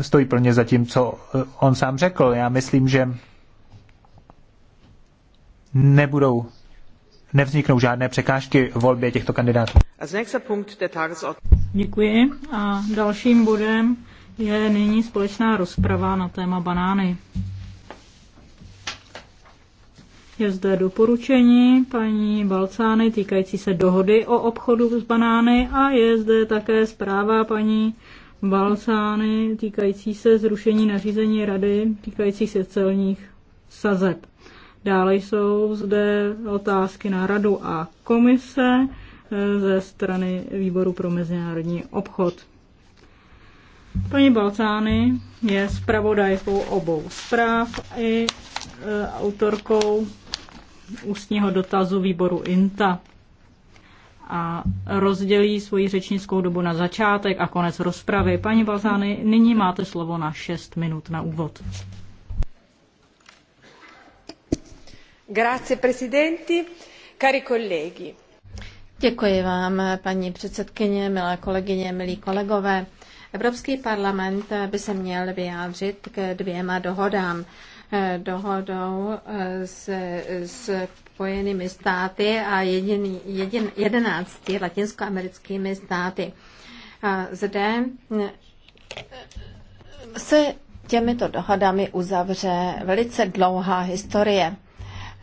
stojí plně za tím, co eh, on sám řekl. Já myslím, že nebudou nevzniknou žádné překážky v volbě těchto kandidátů. Děkuji a dalším bodem je nyní společná rozprava na téma banány. Je zde doporučení paní Balcány týkající se dohody o obchodu s banány a je zde také zpráva paní balsány týkající se zrušení nařízení rady týkající se celních sazeb. Dále jsou zde otázky na radu a komise eh, ze strany Výboru pro mezinárodní obchod. Paní Balcány je zpravodajkou obou zpráv i eh, autorkou ústního dotazu výboru INTA a rozdělí svoji řečnickou dobu na začátek a konec rozpravy. Paní Balzány, nyní máte slovo na 6 minut na úvod. Grazie, presidenti, cari colleghi. Děkuji vám, paní předsedkyně, milé kolegyně, milí kolegové. Evropský parlament by se měl vyjádřit k dvěma dohodám. Eh, dohodou eh, s, s Spojenými státy a jediný jedin, jedenácti latinskoamerickými státy. A zde eh, se těmito dohodami uzavře velice dlouhá historie.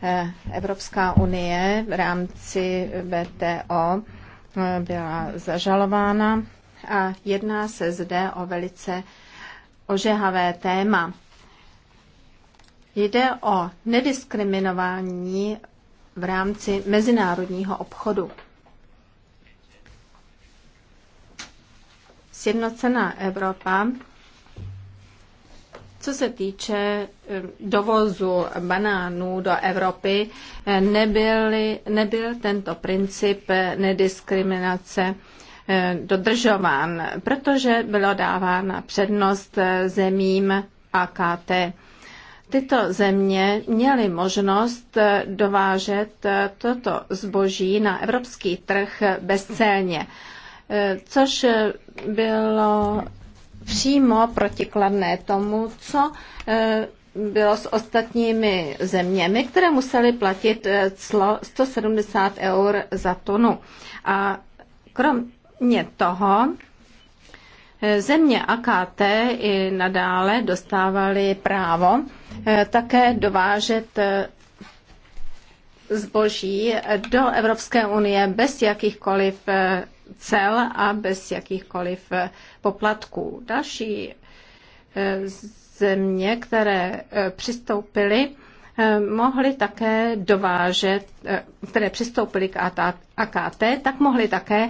Eh, Evropská unie v rámci VTO eh, byla zažalována a jedná se zde o velice ožehavé téma. Jde o nediskriminování v rámci mezinárodního obchodu. Sjednocená Evropa, co se týče dovozu banánů do Evropy, nebyly, nebyl tento princip eh, nediskriminace dodržován, protože bylo dávána přednost eh, zemím AKT tyto země měly možnost eh, dovážet eh, toto zboží na evropský trh bezcelně, eh, což bylo přímo protikladné tomu, co bylo s ostatními zeměmi, které musely platit clo 170 eur za tunu. A kromě toho země AKT i nadále dostávaly právo Eh, také dovážet eh, zboží do Evropské unie bez jakýchkoliv eh, cel a bez jakýchkoliv poplatků. Další země, které přistoupily, mohly také dovážet, které přistoupily k AKT, tak mohly také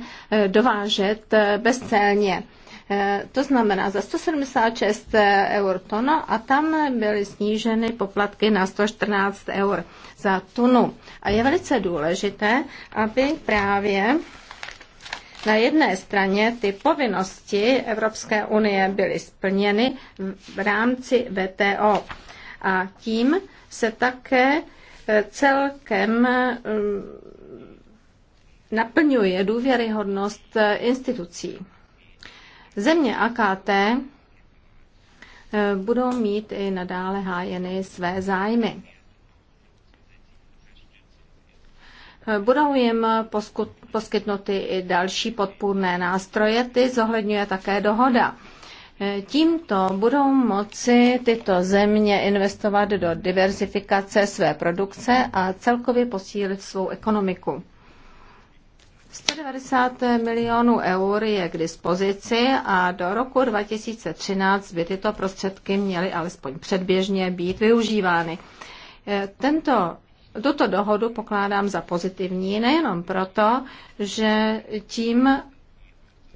dovážet bezcelně. Eh, to znamená za 176 eh, eur tono a tam byly sníženy poplatky na 114 eur za tunu. A je velice důležité, aby právě na jedné straně ty povinnosti Evropské unie byly splněny v rámci VTO a tím se také eh, celkem naplňuje důvěryhodnost institucí. Země AKT eh, budou mít i nadále hájeny své zájmy. Eh, budou jim poskytnuty i další podpůrné nástroje, ty zohledňuje také dohoda. Eh, tímto budou moci tyto země investovat do diversifikace své produkce a celkově posílit svou ekonomiku. 190 milionů eur je k dispozici a do roku 2013 by tyto prostředky měly alespoň předběžně být využívány. Eh, tento Tuto dohodu pokládám za pozitivní nejenom proto, že tím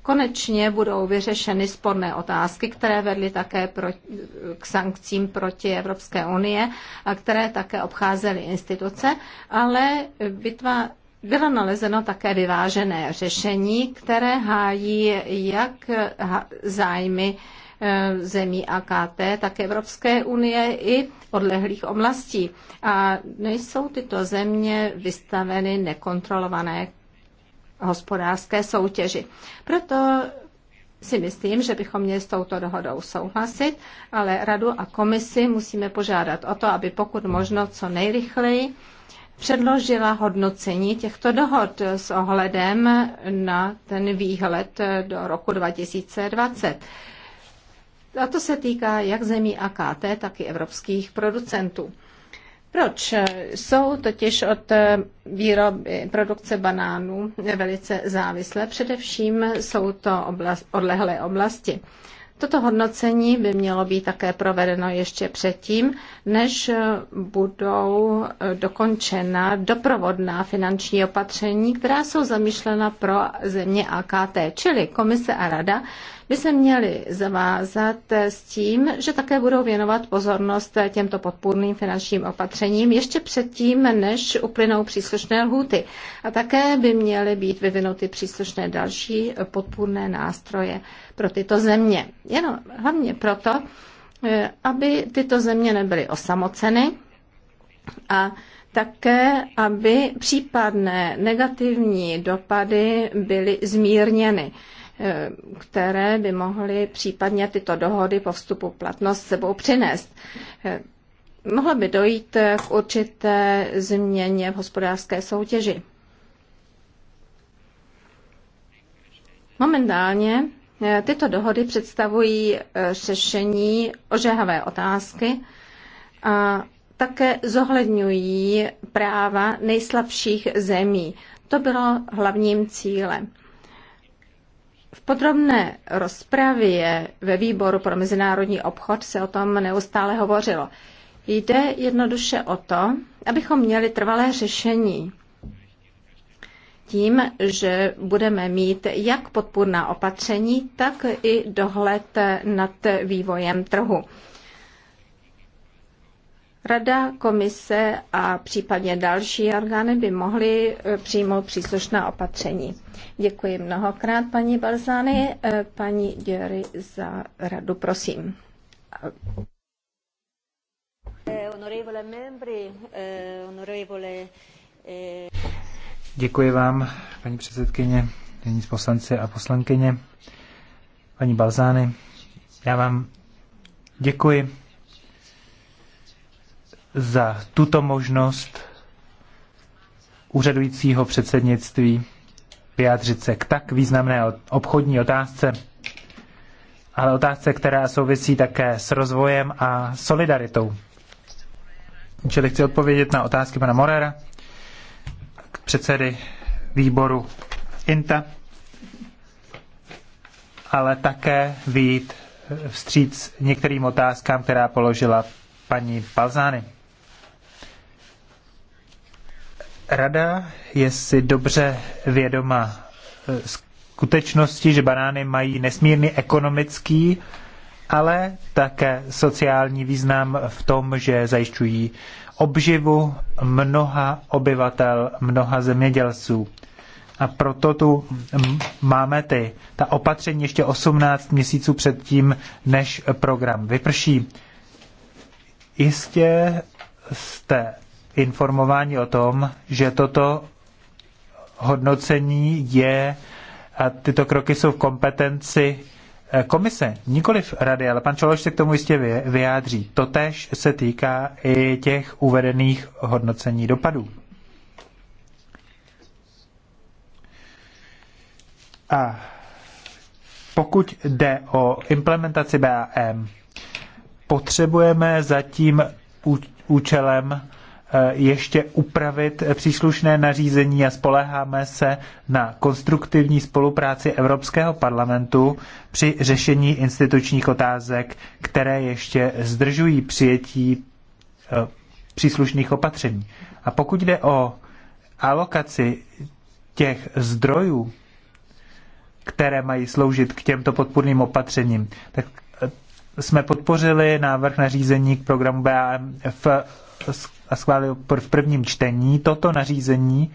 konečně budou vyřešeny sporné otázky, které vedly také pro, k sankcím proti Evropské unie a které také obcházely instituce, ale bitva bylo nalezeno také vyvážené řešení, které hájí jak zájmy e, zemí AKT, tak Evropské unie i odlehlých oblastí. A nejsou tyto země vystaveny nekontrolované hospodářské soutěži. Proto si myslím, že bychom měli s touto dohodou souhlasit, ale radu a komisi musíme požádat o to, aby pokud možno co nejrychleji předložila hodnocení těchto dohod s ohledem na ten výhled do roku 2020. A to se týká jak zemí AKT, tak i evropských producentů. Proč? Jsou totiž od výroby, produkce banánů velice závislé. Především jsou to oblast, odlehlé oblasti. Toto hodnocení by mělo být také provedeno ještě předtím, než budou dokončena doprovodná finanční opatření, která jsou zamýšlena pro země AKT, čili komise a rada by se měly zavázat s tím, že také budou věnovat pozornost těmto podpůrným finančním opatřením ještě předtím, než uplynou příslušné lhuty. A také by měly být vyvinuty příslušné další podpůrné nástroje pro tyto země. Jenom hlavně proto, eh, aby tyto země nebyly osamoceny a také, aby případné negativní dopady byly zmírněny. Eh, které by mohly případně tyto dohody po vstupu platnost sebou přinést. Eh, mohlo by dojít k určité změně v hospodářské soutěži. Momentálně eh, tyto dohody představují řešení ožehavé otázky a také zohledňují práva nejslabších zemí. To bylo hlavním cílem. V podrobné rozpravě ve výboru pro mezinárodní obchod se o tom neustále hovořilo. Jde jednoduše o to, abychom měli trvalé řešení tím, že budeme mít jak podpůrná opatření, tak i dohled nad vývojem trhu. Rada, komise a případně další orgány by mohly eh, přijmout příslušná opatření. Děkuji mnohokrát paní Balzány, eh, paní Děry za radu, prosím. Eh, děkuji vám, paní předsedkyně, paní poslanci a poslankyně, paní Balzány. Já vám děkuji za tuto možnost úřadujícího předsednictví vyjádřit se k tak významné obchodní otázce, ale otázce, která souvisí také s rozvojem a solidaritou. Čili chci odpovědět na otázky pana Morera, předsedy výboru INTA, ale také výjít vstříc některým otázkám, která položila paní Palzány. Rada je si dobře vědoma eh, skutečnosti, že banány mají nesmírný ekonomický, ale také sociální význam v tom, že zajišťují obživu mnoha obyvatel, mnoha zemědělců. A proto tu máme ty, ta opatření ještě 18 měsíců před tím, než program vyprší. Jistě jste informováni o tom, že toto hodnocení je a tyto kroky jsou v kompetenci eh, komise, nikoliv rady, ale pan Čološ se k tomu jistě vyjádří. Totež se týká i těch uvedených hodnocení dopadů. A pokud jde o implementaci BAM, potřebujeme zatím účelem Eh, ještě upravit příslušné nařízení a spoleháme se na konstruktivní spolupráci Evropského parlamentu při řešení institučních otázek, které ještě zdržují přijetí eh, příslušných opatření. A pokud jde o alokaci těch zdrojů, které mají sloužit k těmto podpůrným opatřením, tak eh, jsme podpořili návrh nařízení k programu BAM v schválil v prvním čtení, toto nařízení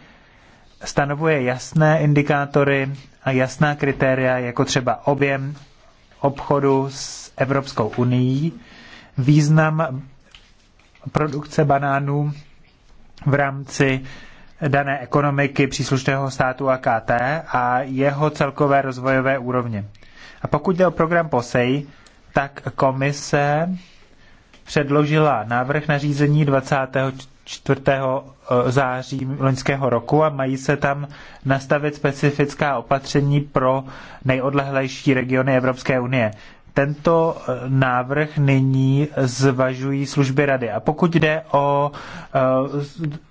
stanovuje jasné indikátory a jasná kritéria, jako třeba objem obchodu s Evropskou unii, význam produkce banánů v rámci dané ekonomiky příslušného státu AKT a jeho celkové rozvojové úrovně. A pokud jde o program POSEJ, tak komise předložila návrh na řízení 24. Eh, září loňského roku a mají se tam nastavit specifická opatření pro nejodlehlejší regiony Evropské unie. Tento eh, návrh nyní zvažují služby rady. A pokud jde o eh,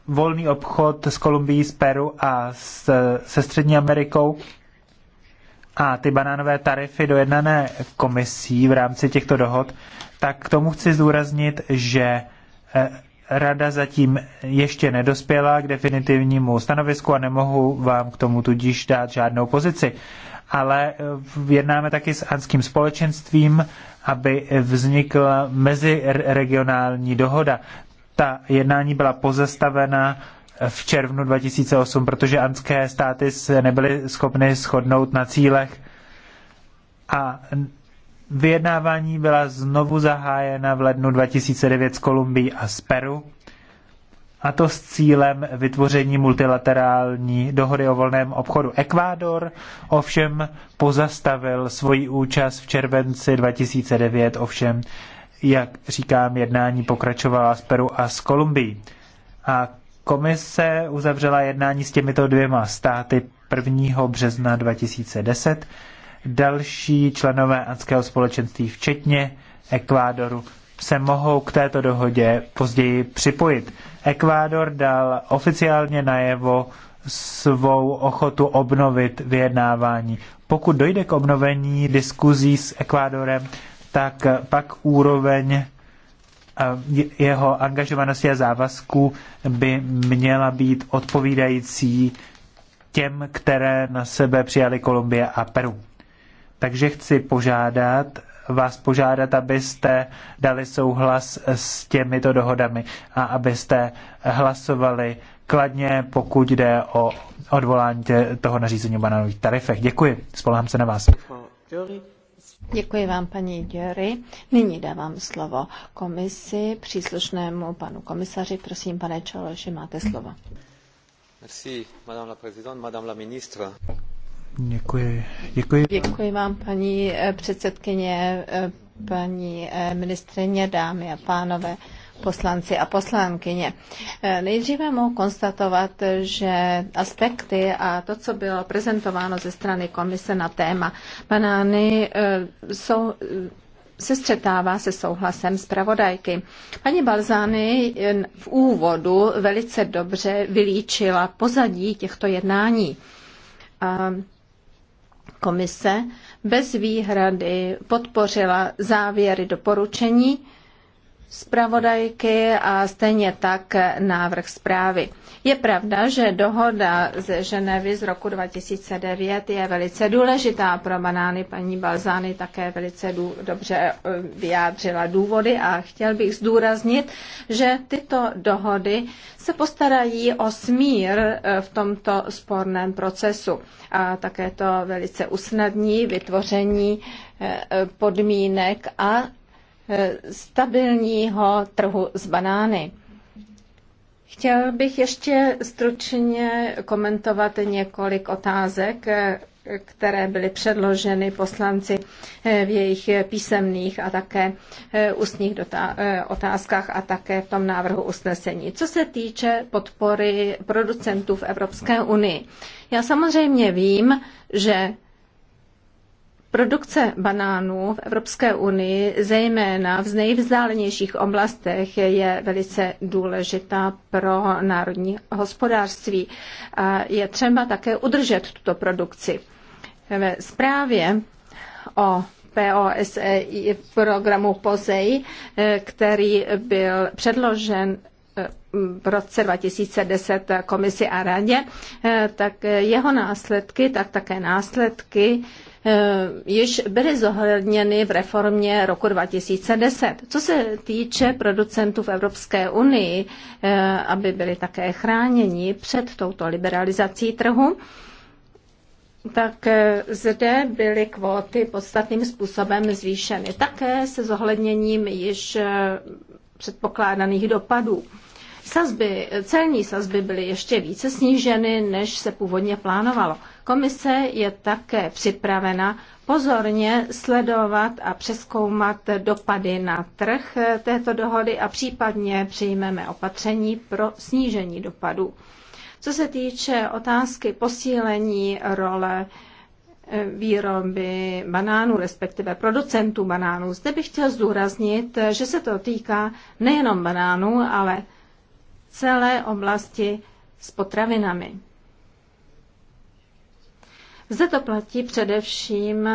volný obchod s Kolumbií, s Peru a se Střední Amerikou, a ty banánové tarify dojednané komisí v rámci těchto dohod, tak k tomu chci zdůraznit, že eh, rada zatím ještě nedospěla k definitivnímu stanovisku a nemohu vám k tomu tudíž dát žádnou pozici. Ale eh, jednáme taky s anským společenstvím, aby vznikla meziregionální dohoda. Ta jednání byla pozastavena v červnu 2008, protože anské státy se nebyly schopny shodnout na cílech a vyjednávání byla znovu zahájena v lednu 2009 s Kolumbií a s Peru a to s cílem vytvoření multilaterální dohody o volném obchodu. Ekvádor ovšem pozastavil svoji účast v červenci 2009, ovšem, jak říkám, jednání pokračovala s Peru a s Kolumbií. A Komise uzavřela jednání s těmito dvěma státy 1. března 2010. Další členové Andského společenství, včetně Ekvádoru, se mohou k této dohodě později připojit. Ekvádor dal oficiálně najevo svou ochotu obnovit vyjednávání. Pokud dojde k obnovení diskuzí s Ekvádorem, tak pak úroveň jeho angažovanosti a závazku by měla být odpovídající těm, které na sebe přijali Kolumbie a Peru. Takže chci požádat, vás požádat, abyste dali souhlas s těmito dohodami a abyste hlasovali kladně, pokud jde o odvolání toho nařízení o banánových tarifech. Děkuji, spolehám se na vás. Děkuji vám, paní Děry. Nyní dávám slovo komisi, příslušnému panu komisaři. Prosím, pane Čološi, máte slovo. Merci, madame la présidente, madame la ministre. Děkuji. Děkuji. Děkuji vám, paní eh, předsedkyně, eh, paní eh, ministrině, dámy a pánové poslanci a poslankyně. Eh, nejdříve mohu konstatovat, že aspekty a to, co bylo prezentováno ze strany komise na téma banány, eh, jsou eh, se střetává se souhlasem zpravodajky. Paní Balzány v úvodu velice dobře vylíčila pozadí těchto jednání. A komise bez výhrady podpořila závěry doporučení, zpravodajky a stejně tak návrh zprávy. Je pravda, že dohoda ze Ženevy z roku 2009 je velice důležitá pro banány. Paní Balzány také velice dů, dobře eh, vyjádřila důvody a chtěl bych zdůraznit, že tyto dohody se postarají o smír eh, v tomto sporném procesu a také to velice usnadní vytvoření eh, podmínek a Eh, stabilního trhu s banány. Chtěl bych ještě stručně komentovat několik otázek, eh, které byly předloženy poslanci eh, v jejich písemných a také ústních otázkách a také v tom návrhu usnesení. Co se týče podpory producentů v Evropské unii, já samozřejmě vím, že Produkce banánů v Evropské unii, zejména v nejvzdálenějších oblastech, je velice důležitá pro národní hospodářství. A je třeba také udržet tuto produkci. Ve zprávě o POSE programu POSEI, e, který byl předložen e, v roce 2010 komisi a radě, e, tak jeho následky, tak také následky Eh, již byly zohledněny v reformě roku 2010. Co se týče producentů v Evropské unii, eh, aby byli také chráněni před touto liberalizací trhu, tak eh, zde byly kvóty podstatným způsobem zvýšeny. Také se zohledněním již předpokládaných dopadů. Sazby, celní sazby byly ještě více sníženy, než se původně plánovalo. Komise je také připravena pozorně sledovat a přeskoumat dopady na trh této dohody a případně přijmeme opatření pro snížení dopadů. Co se týče otázky posílení role eh, výroby banánů, respektive producentů banánů. Zde bych chtěl zdůraznit, že se to týká nejenom banánů, ale celé oblasti s potravinami. Zde to platí především,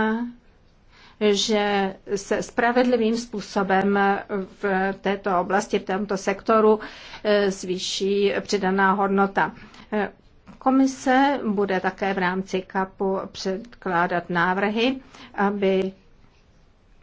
že se spravedlivým způsobem v této oblasti, v tomto sektoru eh, zvýší přidaná hodnota. Eh, komise bude také v rámci KAPu předkládat návrhy, aby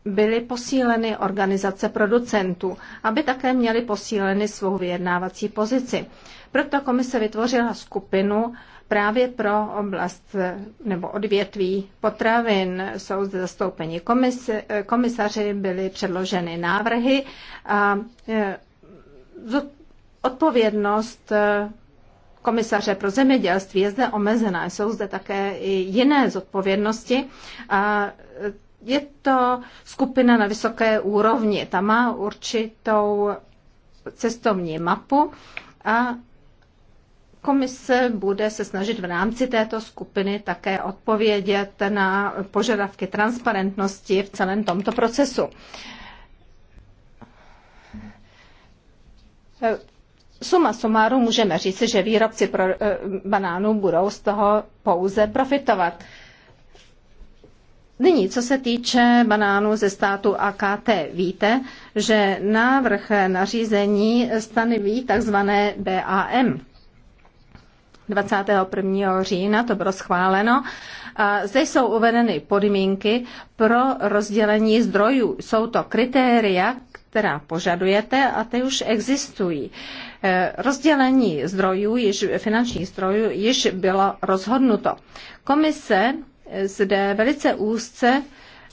byly posíleny organizace producentů, aby také měly posíleny svou vyjednávací pozici. Proto komise vytvořila skupinu Právě pro oblast eh, nebo odvětví potravin jsou zde zastoupeni komis, eh, komisaři, byly předloženy návrhy a eh, odpovědnost komisaře pro zemědělství je zde omezená. Jsou zde také i jiné zodpovědnosti a je to skupina na vysoké úrovni. Ta má určitou cestovní mapu a Komise bude se snažit v rámci této skupiny také odpovědět na požadavky transparentnosti v celém tomto procesu. Suma sumáru můžeme říci, že výrobci pro, eh, banánů budou z toho pouze profitovat. Nyní, co se týče banánů ze státu AKT, víte, že návrh nařízení stanoví tzv. BAM. 21. října, to bylo schváleno. A zde jsou uvedeny podmínky pro rozdělení zdrojů. Jsou to kritéria, která požadujete a ty už existují. E, rozdělení zdrojů, již, finančních zdrojů, již bylo rozhodnuto. Komise zde velice úzce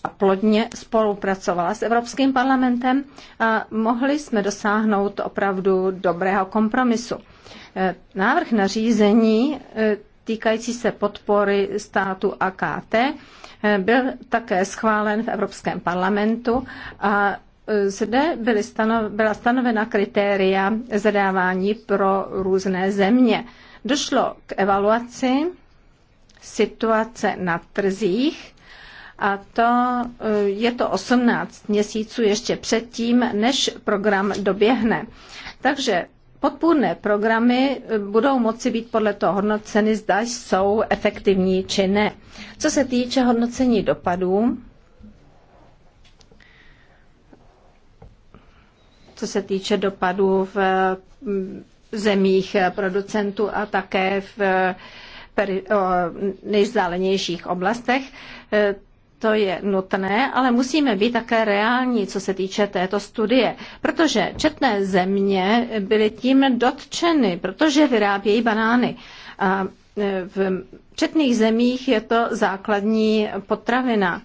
a plodně spolupracovala s Evropským parlamentem a mohli jsme dosáhnout opravdu dobrého kompromisu. Eh, návrh nařízení eh, týkající se podpory státu AKT eh, byl také schválen v Evropském parlamentu a zde byly stano, byla stanovena kritéria zadávání pro různé země. Došlo k evaluaci situace na trzích a to je to 18 měsíců ještě předtím, než program doběhne. Takže Podpůrné programy eh, budou moci být podle toho hodnoceny, zda jsou efektivní či ne. Co se týče hodnocení dopadů, co se týče dopadů v mm, zemích eh, producentů a také v eh, nejvzdálenějších oblastech, to je nutné, ale musíme být také reální, co se týče této studie, protože četné země byly tím dotčeny, protože vyrábějí banány. A e, v četných zemích je to základní potravina.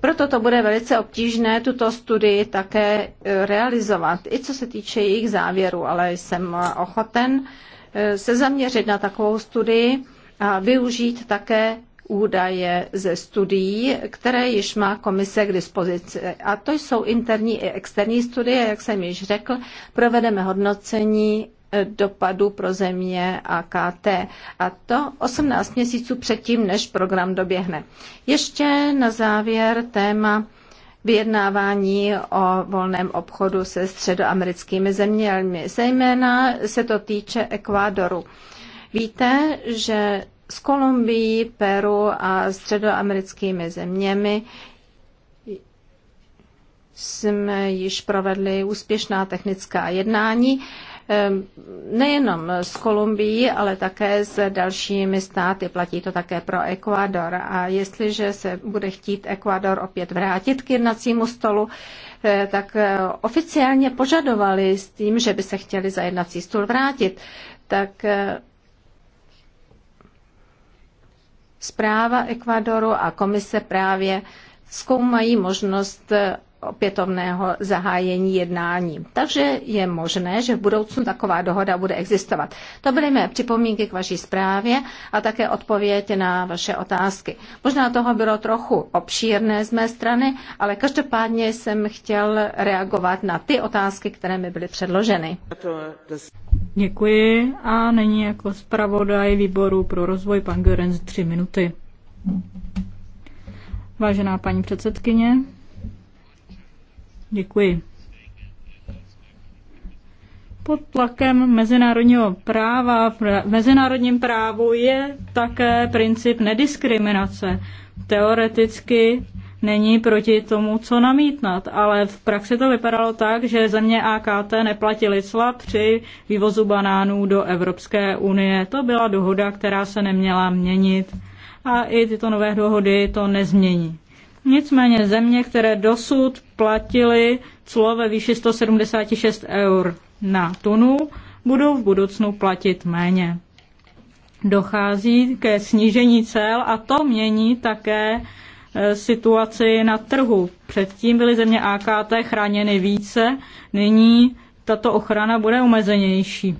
Proto to bude velice obtížné tuto studii také e, realizovat, i co se týče jejich závěru, ale jsem ochoten e, se zaměřit na takovou studii a využít také údaje ze studií, které již má komise k dispozici. A to jsou interní i externí studie, jak jsem již řekl. Provedeme hodnocení eh, dopadu pro země a KT. A to 18 měsíců předtím, než program doběhne. Ještě na závěr téma vyjednávání o volném obchodu se středoamerickými zeměmi. Zejména se to týče Ekvádoru. Víte, že s Kolumbií, Peru a středoamerickými zeměmi jsme již provedli úspěšná technická jednání ehm, nejenom s Kolumbií, ale také s dalšími státy. Platí to také pro Ekvador. A jestliže se bude chtít Ekvador opět vrátit k jednacímu stolu, eh, tak eh, oficiálně požadovali s tím, že by se chtěli za jednací stůl vrátit. Tak eh, Zpráva Ekvadoru a komise právě zkoumají možnost opětovného zahájení jednání. Takže je možné, že v budoucnu taková dohoda bude existovat. To byly mé připomínky k vaší zprávě a také odpověď na vaše otázky. Možná toho bylo trochu obšírné z mé strany, ale každopádně jsem chtěl reagovat na ty otázky, které mi byly předloženy. Děkuji a není jako zpravodaj výboru pro rozvoj pan Görenz tři minuty. Vážená paní předsedkyně, Děkuji. Pod tlakem mezinárodního práva, v mezinárodním právu je také princip nediskriminace. Teoreticky není proti tomu, co namítnat, ale v praxi to vypadalo tak, že země AKT neplatili cla při vývozu banánů do Evropské unie. To byla dohoda, která se neměla měnit a i tyto nové dohody to nezmění. Nicméně země, které dosud platily clo ve výši 176 eur na tunu, budou v budoucnu platit méně. Dochází ke snížení cel a to mění také e, situaci na trhu. Předtím byly země AKT chráněny více, nyní tato ochrana bude omezenější.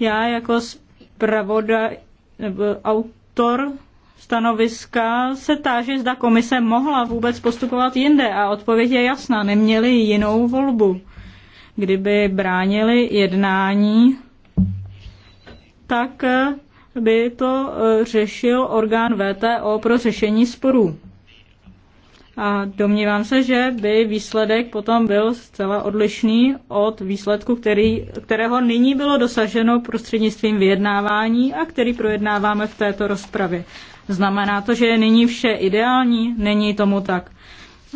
Já jako zpravodaj autor stanoviska se táže, zda komise mohla vůbec postupovat jinde a odpověď je jasná, neměli jinou volbu. Kdyby bránili jednání, tak by to e, řešil orgán VTO pro řešení sporů. A domnívám se, že by výsledek potom byl zcela odlišný od výsledku, který, kterého nyní bylo dosaženo prostřednictvím vyjednávání a který projednáváme v této rozpravě. Znamená to, že je nyní vše ideální? Není tomu tak.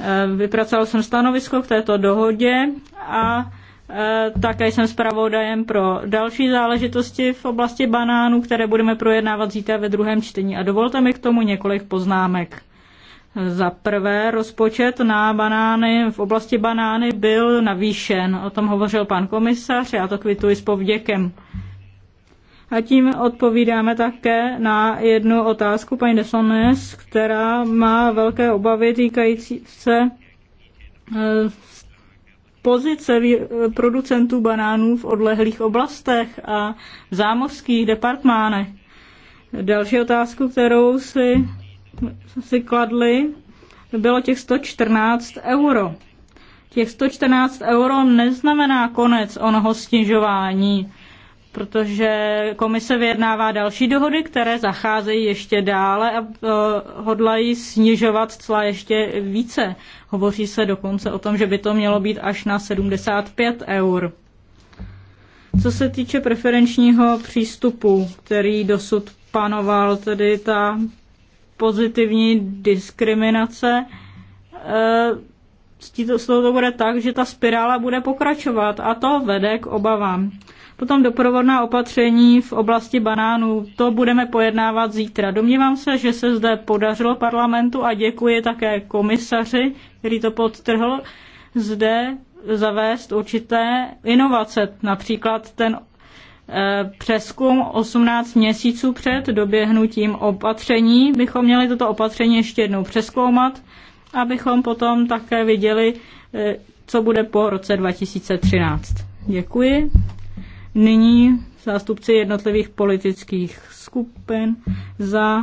E, vypracoval jsem stanovisko k této dohodě a e, také jsem zpravodajem pro další záležitosti v oblasti banánů, které budeme projednávat zítra ve druhém čtení. A dovolte mi k tomu několik poznámek. Za prvé, rozpočet na banány v oblasti banány byl navýšen. O tom hovořil pan komisař, já to kvituji s povděkem. A tím odpovídáme také na jednu otázku paní Desanes, která má velké obavy týkající se eh, pozice producentů banánů v odlehlých oblastech a zámořských departmánech. Další otázku, kterou si, si kladli, bylo těch 114 euro. Těch 114 euro neznamená konec onoho snižování protože komise vyjednává další dohody, které zacházejí ještě dále a e, hodlají snižovat cla ještě více. Hovoří se dokonce o tom, že by to mělo být až na 75 eur. Co se týče preferenčního přístupu, který dosud panoval, tedy ta pozitivní diskriminace, e, s to bude tak, že ta spirála bude pokračovat a to vede k obavám. Potom doprovodná opatření v oblasti banánů, to budeme pojednávat zítra. Domnívám se, že se zde podařilo parlamentu a děkuji také komisaři, který to podtrhl, zde zavést určité inovace, například ten e, přeskum 18 měsíců před doběhnutím opatření. Bychom měli toto opatření ještě jednou přeskoumat, abychom potom také viděli, e, co bude po roce 2013. Děkuji. Nyní zástupci jednotlivých politických skupin za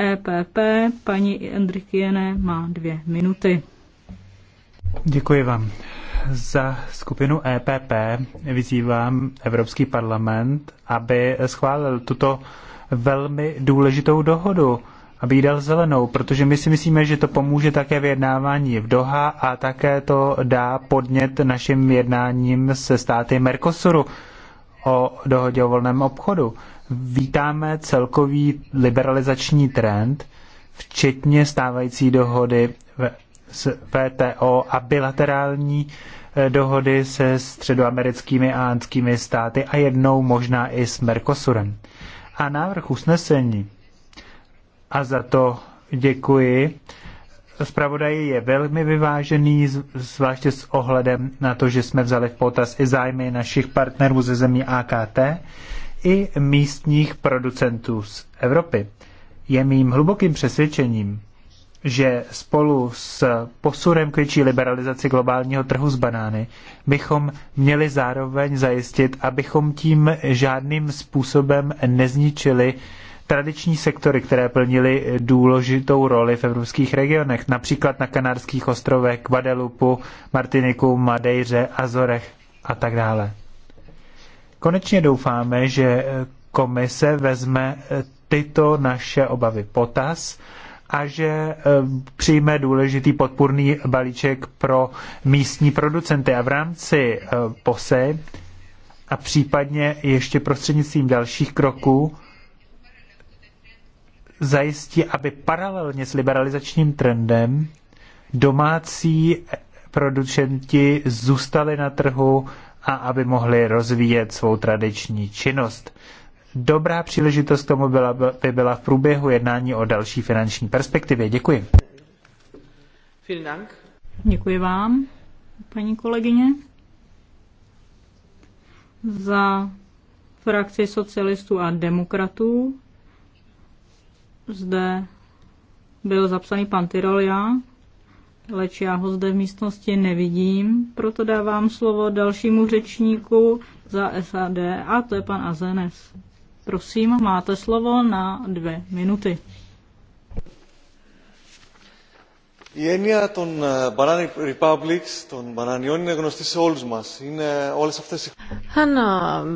EPP. Paní Andrikiene má dvě minuty. Děkuji vám. Za skupinu EPP vyzývám Evropský parlament, aby schválil tuto velmi důležitou dohodu, aby jí dal zelenou, protože my si myslíme, že to pomůže také vyjednávání v Doha a také to dá podnět našim jednáním se státy Mercosuru o dohodě o volném obchodu. Vítáme celkový liberalizační trend, včetně stávající dohody s VTO a bilaterální eh, dohody se středoamerickými a anskými státy a jednou možná i s Mercosurem. A návrh usnesení, a za to děkuji, zpravodaj je velmi vyvážený, zvláště s ohledem na to, že jsme vzali v potaz i zájmy našich partnerů ze zemí AKT i místních producentů z Evropy. Je mým hlubokým přesvědčením, že spolu s posurem k větší liberalizaci globálního trhu s banány bychom měli zároveň zajistit, abychom tím žádným způsobem nezničili tradiční sektory, které plnily důležitou roli v evropských regionech, například na Kanárských ostrovech, Guadeloupu, Martiniku, Madejře, Azorech a tak dále. Konečně doufáme, že komise vezme tyto naše obavy potaz a že eh, přijme důležitý podpůrný balíček pro místní producenty a v rámci eh, POSE a případně ještě prostřednictvím dalších kroků zajistí, aby paralelně s liberalizačním trendem domácí producenti zůstali na trhu a aby mohli rozvíjet svou tradiční činnost. Dobrá příležitost k tomu byla, by byla v průběhu jednání o další finanční perspektivě. Děkuji. Děkuji vám, paní kolegyně, za frakci socialistů a demokratů zde byl zapsaný pan Tyrolia, leč já ho zde v místnosti nevidím, proto dávám slovo dalšímu řečníku za SAD a to je pan Azenes. Prosím, máte slovo na dvě minuty. η έννοια των banana republics, των μπανανιών, είναι γνωστή σε όλους μας. Είναι όλες αυτές Ano,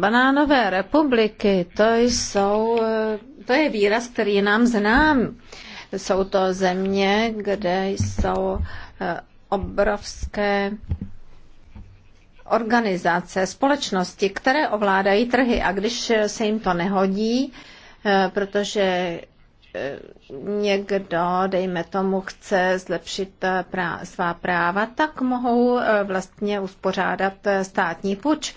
banánové republiky, to, jsou, e, to je výraz, který nám znám. Jsou to země, kde jsou e, obrovské organizace, společnosti, které ovládají trhy a když se jim to nehodí, e, protože někdo, dejme tomu, chce zlepšit eh, prá- svá práva, tak mohou eh, vlastně uspořádat eh, státní puč.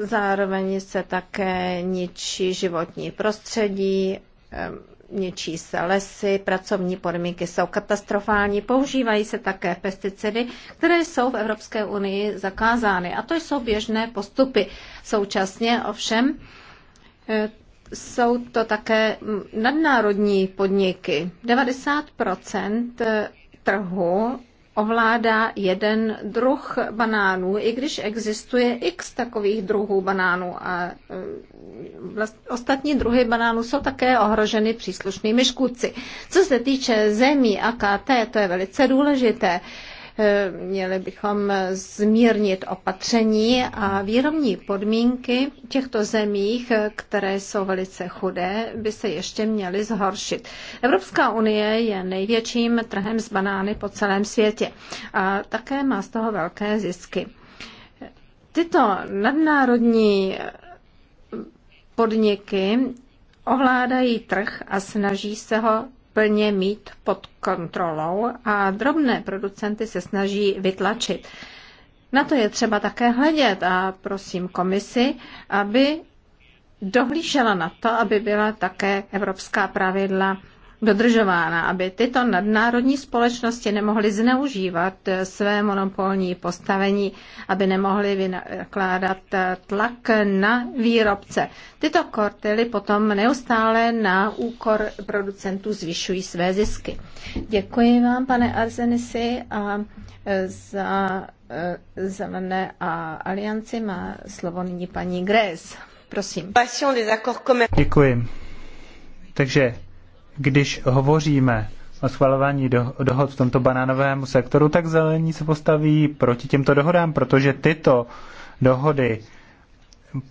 Zároveň se také ničí životní prostředí, ničí se lesy, pracovní podmínky jsou katastrofální, používají se také pesticidy, které jsou v Evropské unii zakázány. A to jsou běžné postupy. Současně ovšem jsou to také nadnárodní podniky. 90 trhu ovládá jeden druh banánů, i když existuje x takových druhů banánů a e, vlast, ostatní druhy banánů jsou také ohroženy příslušnými škůdci. Co se týče zemí AKT, to je velice důležité. Eh, měli bychom zmírnit opatření a výrobní podmínky v těchto zemích, které jsou velice chudé, by se ještě měly zhoršit. Evropská unie je největším trhem z banány po celém světě a také má z toho velké zisky. Tyto nadnárodní podniky ovládají trh a snaží se ho plně mít pod kontrolou a drobné producenty se snaží vytlačit. Na to je třeba také hledět a prosím komisi, aby dohlížela na to, aby byla také evropská pravidla dodržována, aby tyto nadnárodní společnosti nemohly zneužívat eh, své monopolní postavení, aby nemohly vynakládat eh, tlak na výrobce. Tyto kortely potom neustále na úkor producentů zvyšují své zisky. Děkuji vám, pane Arzenisi, a eh, za zelené a alianci má slovo nyní paní Grés. Prosím. Děkuji. Takže když hovoříme o schvalování do, dohod v tomto banánovém sektoru, tak zelení se postaví proti těmto dohodám, protože tyto dohody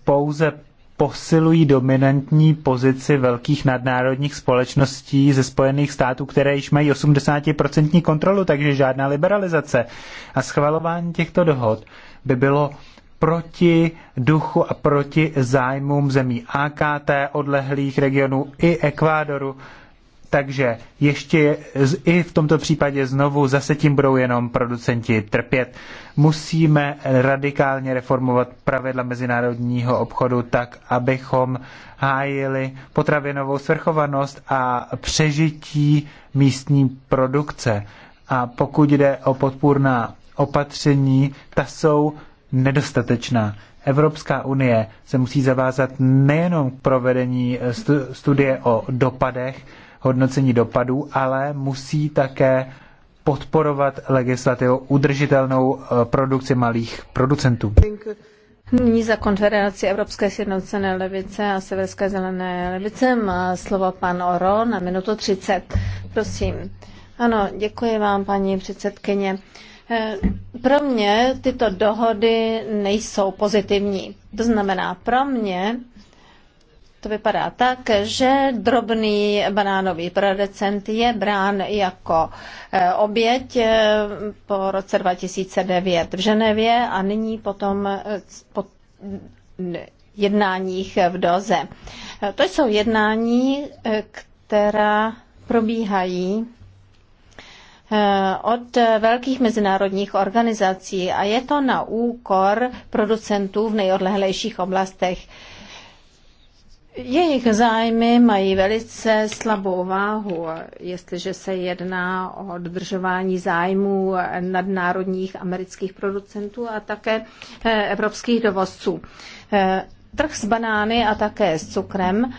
pouze posilují dominantní pozici velkých nadnárodních společností ze Spojených států, které již mají 80% kontrolu, takže žádná liberalizace. A schvalování těchto dohod by bylo proti duchu a proti zájmům zemí AKT, odlehlých regionů i Ekvádoru, takže ještě i v tomto případě znovu zase tím budou jenom producenti trpět. Musíme radikálně reformovat pravidla mezinárodního obchodu tak, abychom hájili potravinovou svrchovanost a přežití místní produkce. A pokud jde o podpůrná opatření, ta jsou nedostatečná. Evropská unie se musí zavázat nejenom k provedení studie o dopadech, hodnocení dopadů, ale musí také podporovat legislativu udržitelnou eh, produkci malých producentů. Nyní za konfederaci Evropské sjednocené levice a Severské zelené levice má slovo pan Oro na minutu 30. Prosím. Ano, děkuji vám, paní předsedkyně. Eh, pro mě tyto dohody nejsou pozitivní. To znamená, pro mě to vypadá tak, že drobný banánový producent je brán jako e, oběť e, po roce 2009 v Ženevě a nyní potom e, po jednáních v Doze. To jsou jednání, která probíhají od velkých mezinárodních organizací a je to na úkor producentů v nejodlehlejších oblastech. Jejich zájmy mají velice slabou váhu, jestliže se jedná o dodržování zájmů nadnárodních amerických producentů a také eh, evropských dovozců. Eh, trh s banány a také s cukrem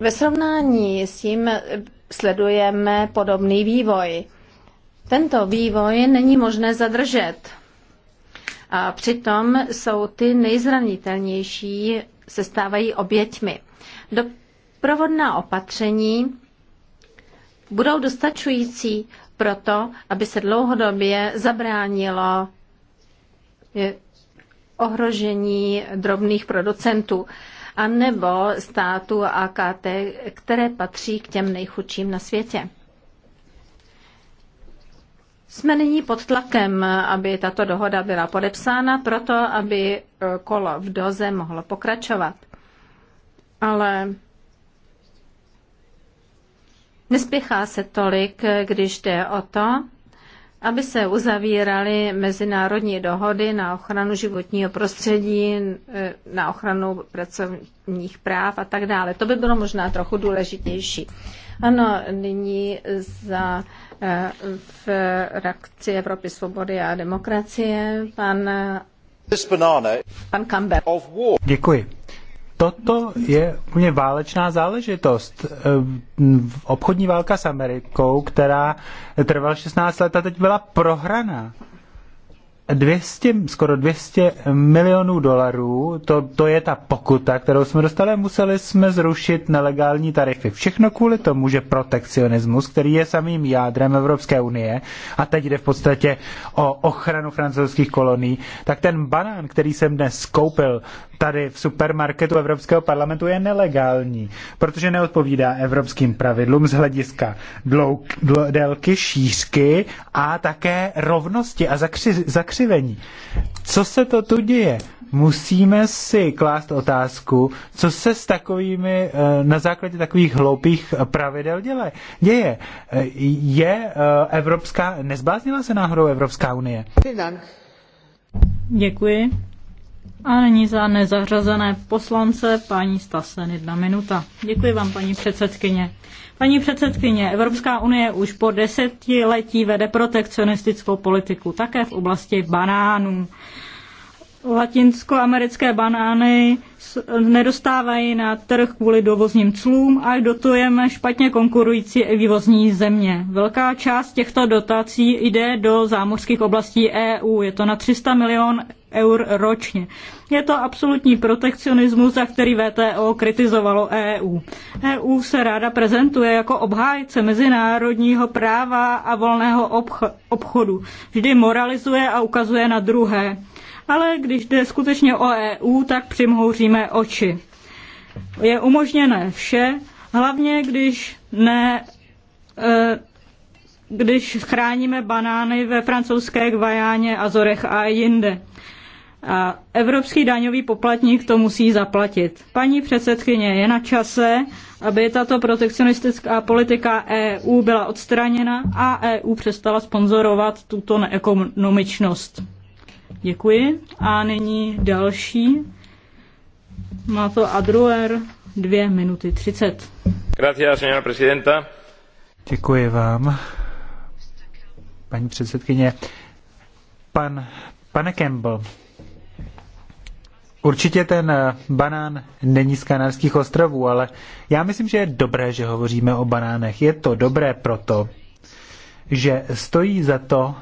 ve srovnání s tím eh, sledujeme podobný vývoj. Tento vývoj není možné zadržet. A přitom jsou ty nejzranitelnější se stávají oběťmi. Doprovodná opatření budou dostačující pro to, aby se dlouhodobě zabránilo eh, ohrožení drobných producentů anebo států AKT, které patří k těm nejchudším na světě. Jsme nyní pod tlakem, aby tato dohoda byla podepsána, proto aby e, kolo v doze mohlo pokračovat. Ale nespěchá se tolik, když jde o to, aby se uzavíraly mezinárodní dohody na ochranu životního prostředí, e, na ochranu pracovních práv a tak dále. To by bylo možná trochu důležitější. Ano, nyní za v reakci Evropy svobody a demokracie pan, pan Campbell. Děkuji. Toto je úplně válečná záležitost. Obchodní válka s Amerikou, která trvala 16 let a teď byla prohraná. 200, skoro 200 milionů dolarů, to, to je ta pokuta, kterou jsme dostali, museli jsme zrušit nelegální tarify. Všechno kvůli tomu, že protekcionismus, který je samým jádrem Evropské unie, a teď jde v podstatě o ochranu francouzských kolonií, tak ten banán, který jsem dnes koupil tady v supermarketu Evropského parlamentu je nelegální, protože neodpovídá evropským pravidlům z hlediska dlou, délky, šířky a také rovnosti a zakři, zakřivení. Co se to tu děje? Musíme si klást otázku, co se s takovými, eh, na základě takových hloupých eh, pravidel děle, děje. Eh, je Evropská, nezbláznila se náhodou Evropská unie? Děkuji. A nyní za nezařazené poslance paní Stasen jedna minuta. Děkuji vám, paní předsedkyně. Paní předsedkyně, Evropská unie už po desetiletí vede protekcionistickou politiku, také v oblasti banánů latinskoamerické banány nedostávají na trh kvůli dovozním clům a dotujeme špatně konkurující vývozní země. Velká část těchto dotací jde do zámořských oblastí EU, je to na 300 milion eur ročně. Je to absolutní protekcionismus, za který VTO kritizovalo EU. EU se ráda prezentuje jako obhájce mezinárodního práva a volného obchodu. Vždy moralizuje a ukazuje na druhé ale když jde skutečně o EU, tak přimhouříme oči. Je umožněné vše, hlavně když ne, e, když chráníme banány ve francouzské Gvajáně, Azorech a jinde. A evropský daňový poplatník to musí zaplatit. Paní předsedkyně, je na čase, aby tato protekcionistická politika EU byla odstraněna a EU přestala sponzorovat tuto neekonomičnost. Děkuji. A nyní další. Má to Adruer 2 minuty 30. Gracias, señora presidenta. Děkuji vám, paní předsedkyně. Pan, pane Campbell, Určitě ten eh, banán není z Kanárských ostrovů, ale já myslím, že je dobré, že hovoříme o banánech. Je to dobré proto, že stojí za to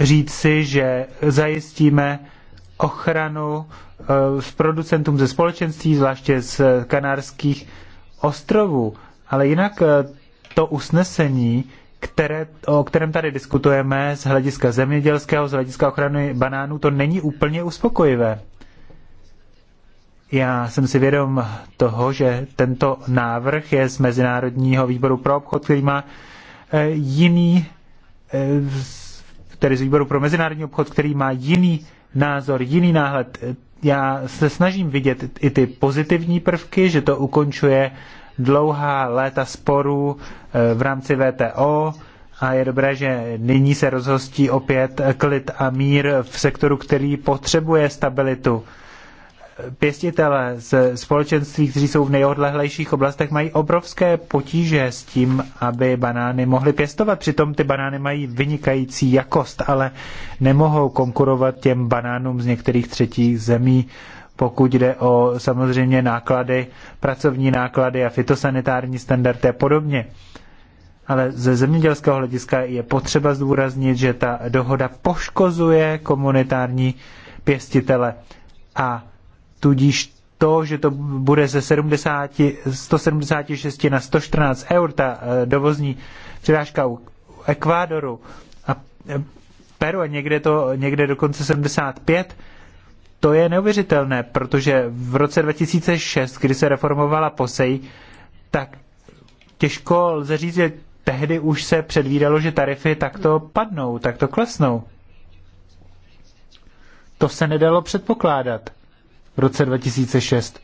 říci, že zajistíme ochranu eh, s producentům ze společenství, zvláště z kanárských ostrovů. Ale jinak eh, to usnesení, které, o kterém tady diskutujeme z hlediska zemědělského, z hlediska ochrany banánů, to není úplně uspokojivé. Já jsem si vědom toho, že tento návrh je z Mezinárodního výboru pro obchod, který má eh, jiný tedy z výboru pro mezinárodní obchod, který má jiný názor, jiný náhled. Já se snažím vidět i ty pozitivní prvky, že to ukončuje dlouhá léta sporů eh, v rámci VTO a je dobré, že nyní se rozhostí opět klid a mír v sektoru, který potřebuje stabilitu pěstitele z společenství, kteří jsou v nejodlehlejších oblastech, mají obrovské potíže s tím, aby banány mohly pěstovat. Přitom ty banány mají vynikající jakost, ale nemohou konkurovat těm banánům z některých třetích zemí, pokud jde o samozřejmě náklady, pracovní náklady a fitosanitární standardy a podobně. Ale ze zemědělského hlediska je potřeba zdůraznit, že ta dohoda poškozuje komunitární pěstitele a Tudíž to, že to bude ze 70, 176 na 114 eur, ta eh, dovozní přirážka u Ekvádoru a eh, Peru a někde, to, někde dokonce 75, to je neuvěřitelné, protože v roce 2006, kdy se reformovala POSEJ, tak těžko lze říct, že tehdy už se předvídalo, že tarify takto padnou, takto klesnou. To se nedalo předpokládat v roce 2006,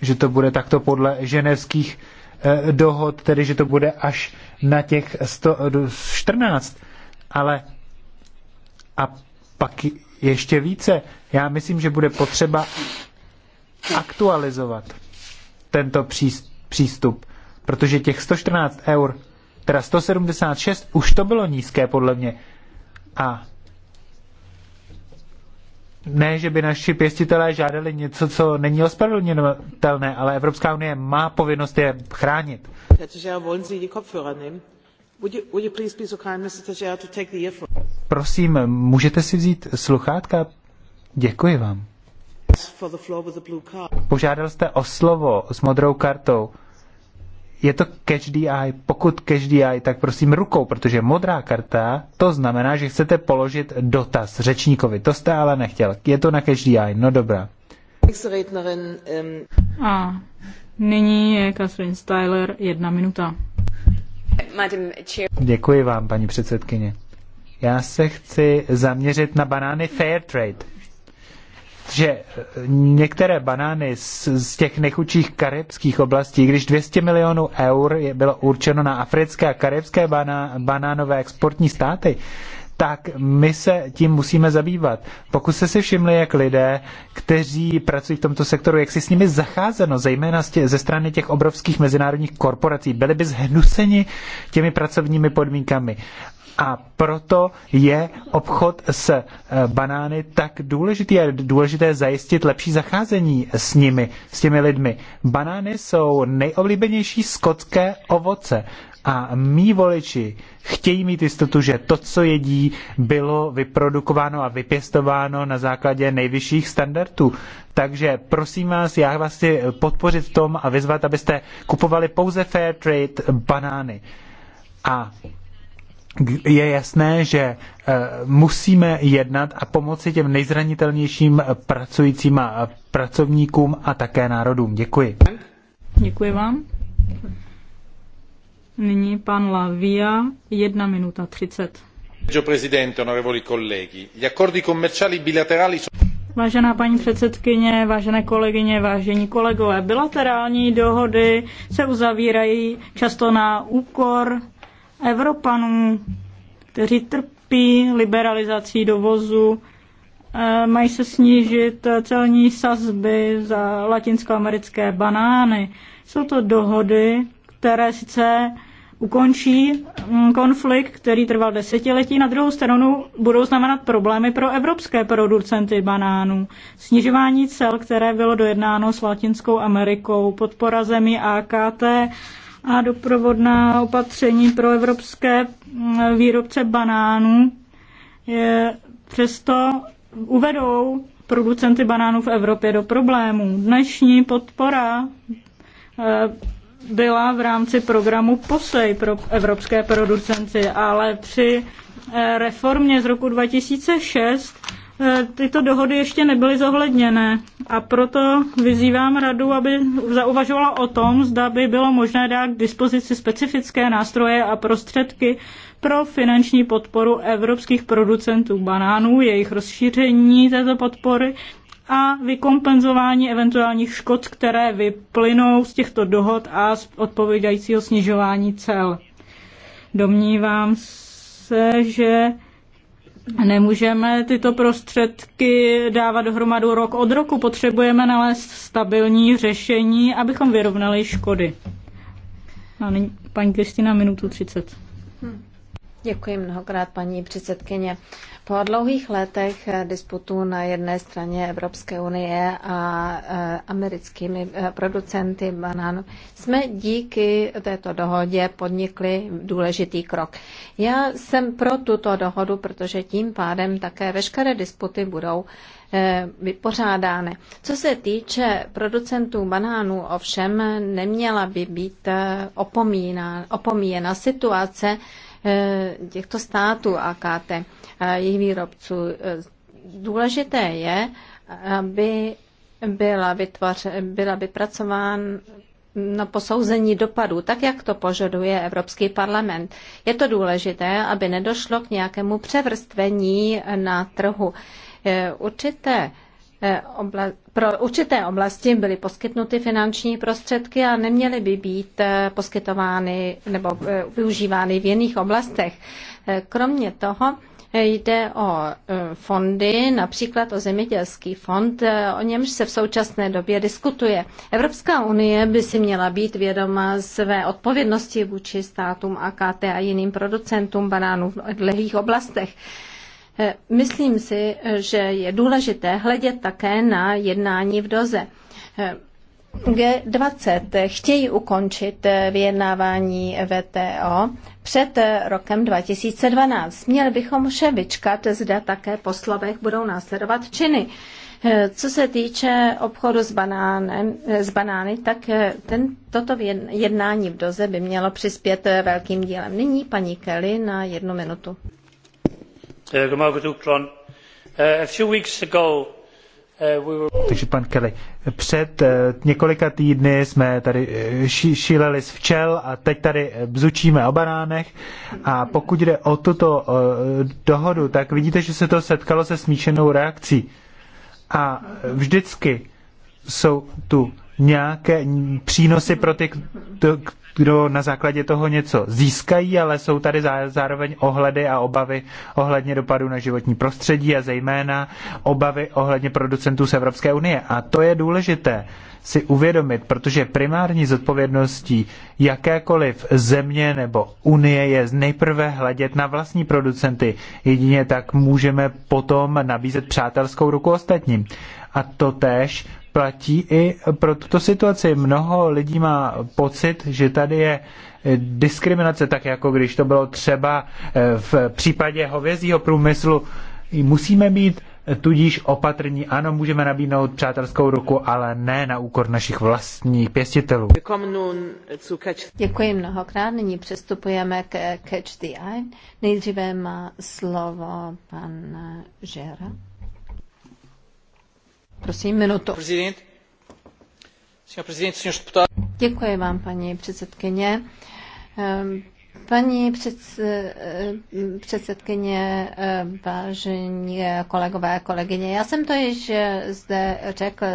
že to bude takto podle ženevských eh, dohod, tedy že to bude až na těch 114, ale a pak ještě více. Já myslím, že bude potřeba aktualizovat tento přístup, protože těch 114 eur, teda 176, už to bylo nízké podle mě. A ne, že by naši pěstitelé žádali něco, co není ospravedlnitelné, ale Evropská unie má povinnost je chránit. Prosím, můžete si vzít sluchátka? Děkuji vám. Požádal jste o slovo s modrou kartou je to catch the eye. Pokud catch the eye, tak prosím rukou, protože modrá karta, to znamená, že chcete položit dotaz řečníkovi. To jste ale nechtěl. Je to na catch the eye. No dobrá. A nyní je Catherine Styler, jedna minuta. Děkuji vám, paní předsedkyně. Já se chci zaměřit na banány Fairtrade že e, některé banány z, z těch nejchudších karibských oblastí, když 200 milionů eur je, bylo určeno na africké a karibské baná, banánové exportní státy, tak my se tím musíme zabývat. Pokud jste si všimli, jak lidé, kteří pracují v tomto sektoru, jak si s nimi zacházeno, zejména tě, ze strany těch obrovských mezinárodních korporací, byli by zhnuseni těmi pracovními podmínkami. A proto je obchod s eh, banány tak důležitý. Je důležité zajistit lepší zacházení s nimi, s těmi lidmi. Banány jsou nejoblíbenější skotské ovoce. A mý voliči chtějí mít jistotu, že to, co jedí, bylo vyprodukováno a vypěstováno na základě nejvyšších standardů. Takže prosím vás, já vás chci podpořit v tom a vyzvat, abyste kupovali pouze fair trade banány. A je jasné, že eh, musíme jednat a pomoci těm nejzranitelnějším pracujícím a pracovníkům a také národům. Děkuji. Děkuji vám. Nyní pan Lavia, jedna minuta třicet. Vážená paní předsedkyně, vážené kolegyně, vážení kolegové, bilaterální dohody se uzavírají často na úkor Evropanů, kteří trpí liberalizací dovozu, eh, mají se snížit eh, celní sazby za latinskoamerické banány. Jsou to dohody, které sice ukončí mm, konflikt, který trval desetiletí, na druhou stranu budou znamenat problémy pro evropské producenty banánů. Snižování cel, které bylo dojednáno s Latinskou Amerikou, podpora zemí AKT, a doprovodná opatření pro evropské mm, výrobce banánů. Přesto uvedou producenty banánů v Evropě do problémů. Dnešní podpora eh, byla v rámci programu POSEJ pro evropské producenty, ale při eh, reformě z roku 2006 Eh, tyto dohody ještě nebyly zohledněné a proto vyzývám radu, aby zauvažovala o tom, zda by bylo možné dát k dispozici specifické nástroje a prostředky pro finanční podporu evropských producentů banánů, jejich rozšíření této podpory a vykompenzování eventuálních škod, které vyplynou z těchto dohod a z odpovídajícího snižování cel. Domnívám se, že Nemůžeme tyto prostředky dávat dohromadu rok od roku. Potřebujeme nalézt stabilní řešení, abychom vyrovnali škody. A no, nyní paní Kristina, minutu 30. Hmm. Děkuji mnohokrát, paní předsedkyně. Po dlouhých letech disputů na jedné straně Evropské unie a e, americkými e, producenty banánů jsme díky této dohodě podnikli důležitý krok. Já jsem pro tuto dohodu, protože tím pádem také veškeré disputy budou e, vypořádány. Co se týče producentů banánů, ovšem neměla by být opomína, opomíjena situace, Eh, těchto států AKT, eh, jejich výrobců. Eh, důležité je, aby byla, vytvoře, byla vypracován na posouzení dopadů, tak jak to požaduje Evropský parlament. Je to důležité, aby nedošlo k nějakému převrstvení na trhu. Určité Eh, obla- pro určité oblasti byly poskytnuty finanční prostředky a neměly by být eh, poskytovány nebo eh, využívány v jiných oblastech. Kromě toho jde o fondy, například o zemědělský fond, o němž se v současné době diskutuje. Evropská unie by si měla být vědoma své odpovědnosti vůči státům AKT a jiným producentům banánů v odlehlých oblastech. Eh, myslím si, eh, že je důležité hledět také na jednání v doze. Eh, G20 chtějí ukončit vyjednávání VTO před rokem 2012. Měli bychom vše vyčkat, zda také po slovech budou následovat činy. Co se týče obchodu s, banánem, s banány, tak ten, toto jednání v doze by mělo přispět velkým dílem. Nyní paní Kelly na jednu minutu. Eh, eh, eh, Takže pan Kelly, před několika týdny jsme tady šíleli z včel a teď tady bzučíme o banánech. A pokud jde o tuto dohodu, tak vidíte, že se to setkalo se smíšenou reakcí. A vždycky jsou tu nějaké přínosy pro ty, kdo na základě toho něco získají, ale jsou tady zároveň ohledy a obavy ohledně dopadu na životní prostředí a zejména obavy ohledně producentů z Evropské unie. A to je důležité si uvědomit, protože primární zodpovědností jakékoliv země nebo unie je nejprve hledět na vlastní producenty. Jedině tak můžeme potom nabízet přátelskou ruku ostatním. A to též platí i pro tuto situaci. Mnoho lidí má pocit, že tady je diskriminace, tak jako když to bylo třeba eh, v případě hovězího průmyslu. Musíme být tudíž opatrní. Ano, můžeme nabídnout přátelskou ruku, ale ne na úkor našich vlastních pěstitelů. Děkuji mnohokrát. Nyní přestupujeme k Catch the Eye. Nejdříve má slovo pan Žera. Děkuji vám, paní předsedkyně. Ehm, paní ehm, předsedkyně, ehm, vážení kolegové a kolegyně, já jsem to již eh, zde řekl.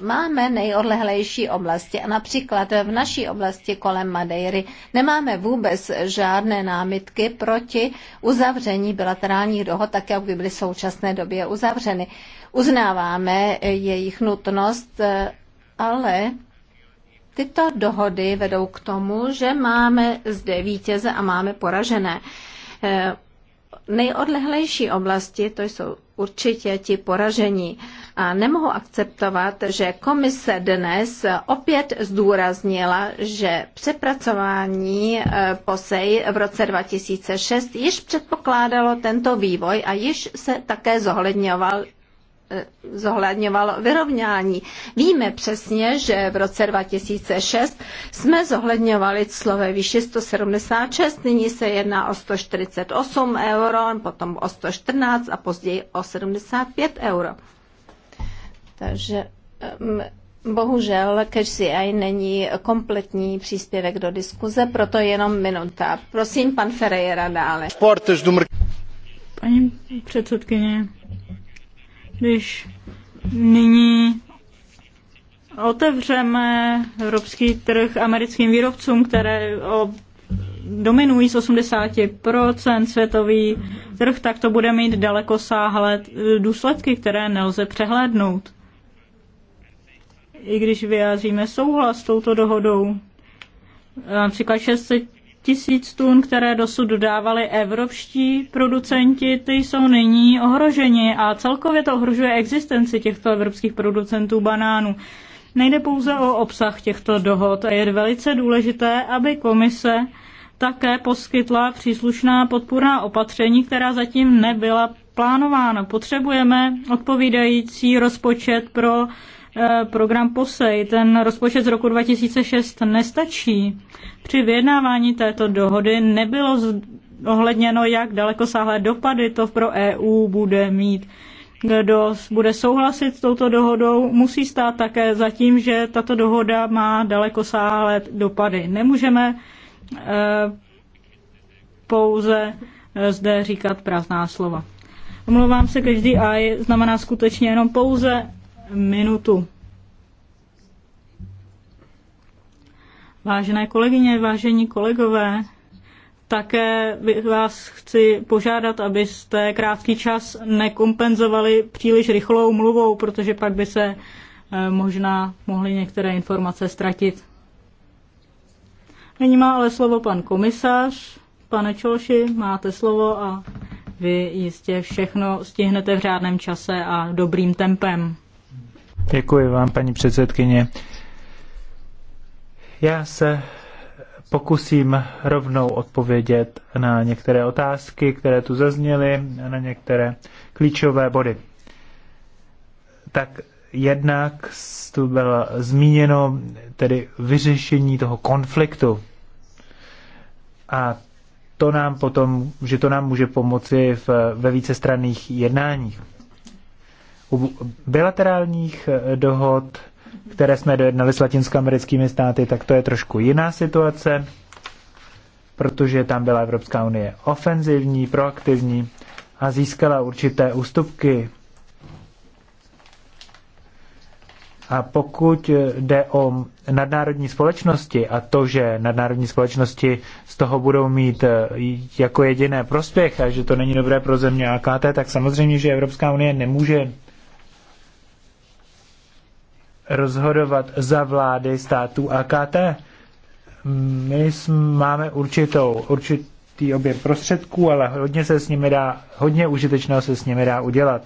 Máme nejodlehlejší oblasti a například v naší oblasti kolem Madeiry nemáme vůbec žádné námitky proti uzavření bilaterálních dohod, tak jak by byly v současné době uzavřeny. Uznáváme jejich nutnost, ale tyto dohody vedou k tomu, že máme zde vítěze a máme poražené. Eh, nejodlehlejší oblasti to jsou určitě ti poražení. A nemohu akceptovat, že komise dnes opět zdůraznila, že přepracování eh, posej v roce 2006 již předpokládalo tento vývoj a již se také zohledňoval Eh, zohledňovalo vyrovnání. Víme přesně, že v roce 2006 jsme zohledňovali clo ve výši 176, nyní se jedná o 148 euro, potom o 114 a později o 75 euro. Takže ehm, bohužel Catch the není kompletní příspěvek do diskuze, proto jenom minuta. Prosím, pan Ferreira dále. Paní předsedkyně, když nyní otevřeme evropský trh americkým výrobcům, které dominují z 80% světový trh, tak to bude mít daleko sáhlé eh, důsledky, které nelze přehlédnout. I když vyjádříme souhlas s touto dohodou, například 600 tisíc tun, které dosud dodávali evropští producenti, ty jsou nyní ohroženi a celkově to ohrožuje existenci těchto evropských producentů banánů. Nejde pouze o obsah těchto dohod a je velice důležité, aby komise také poskytla příslušná podpůrná opatření, která zatím nebyla plánována. Potřebujeme odpovídající rozpočet pro Eh, program POSEJ. Ten rozpočet z roku 2006 nestačí. Při vyjednávání této dohody nebylo ohledněno, jak daleko sáhlé dopady to pro EU bude mít. Kdo bude souhlasit s touto dohodou, musí stát také za tím, že tato dohoda má daleko sáhlé dopady. Nemůžeme eh, pouze eh, zde říkat prázdná slova. Omlouvám se, každý AI znamená skutečně jenom pouze minutu. Vážené kolegyně, vážení kolegové, také vás chci požádat, abyste krátký čas nekompenzovali příliš rychlou mluvou, protože pak by se eh, možná mohly některé informace ztratit. Nyní má ale slovo pan komisař. Pane Čolši, máte slovo a vy jistě všechno stihnete v řádném čase a dobrým tempem. Děkuji vám, paní předsedkyně. Já se pokusím rovnou odpovědět na některé otázky, které tu zazněly, a na některé klíčové body. Tak jednak tu bylo zmíněno tedy vyřešení toho konfliktu. A to nám potom, že to nám může pomoci v, ve vícestranných jednáních bilaterálních eh, dohod, které jsme dojednali s latinskoamerickými státy, tak to je trošku jiná situace, protože tam byla Evropská unie ofenzivní, proaktivní a získala určité ústupky. A pokud eh, jde o nadnárodní společnosti a to, že nadnárodní společnosti z toho budou mít eh, jako jediné prospěch a že to není dobré pro země AKT, tak samozřejmě, že Evropská unie nemůže rozhodovat za vlády států AKT. My máme určitou, určitý objem prostředků, ale hodně se s nimi dá, hodně užitečného se s nimi dá udělat.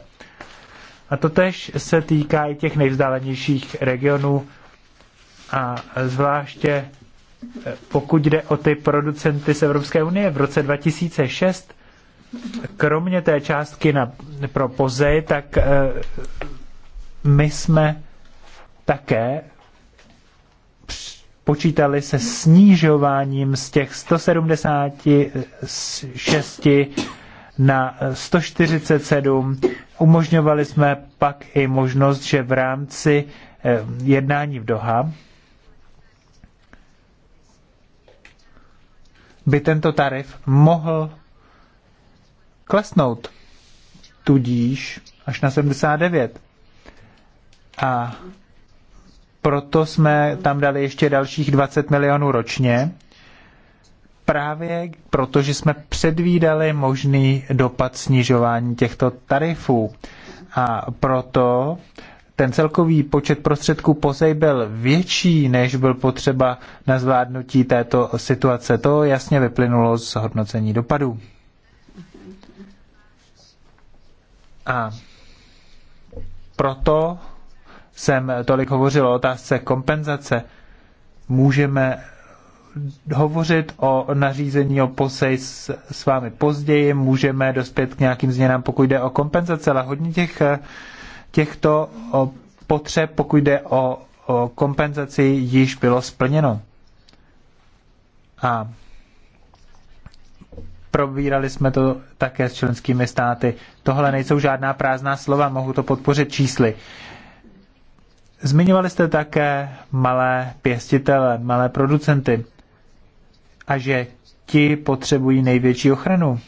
A to tež se týká i těch nejvzdálenějších regionů a zvláště eh, pokud jde o ty producenty z Evropské unie v roce 2006, kromě té částky na, pro pozej, tak eh, my jsme také počítali se snížováním z těch 176 na 147. Umožňovali jsme pak i možnost, že v rámci eh, jednání v Doha by tento tarif mohl klesnout, tudíž až na 79. A proto jsme tam dali ještě dalších 20 milionů ročně, právě proto, že jsme předvídali možný dopad snižování těchto tarifů. A proto ten celkový počet prostředků posej byl větší, než byl potřeba na zvládnutí této situace. To jasně vyplynulo z hodnocení dopadů. A proto jsem tolik hovořil o otázce kompenzace, můžeme hovořit o nařízení o posej s, s vámi později, můžeme dospět k nějakým změnám, pokud jde o kompenzace, ale hodně těch, těchto potřeb, pokud jde o, o kompenzaci, již bylo splněno. A probírali jsme to také s členskými státy. Tohle nejsou žádná prázdná slova, mohu to podpořit čísly. Zmiňovali jste také malé pěstitele, malé producenty a že ti potřebují největší ochranu.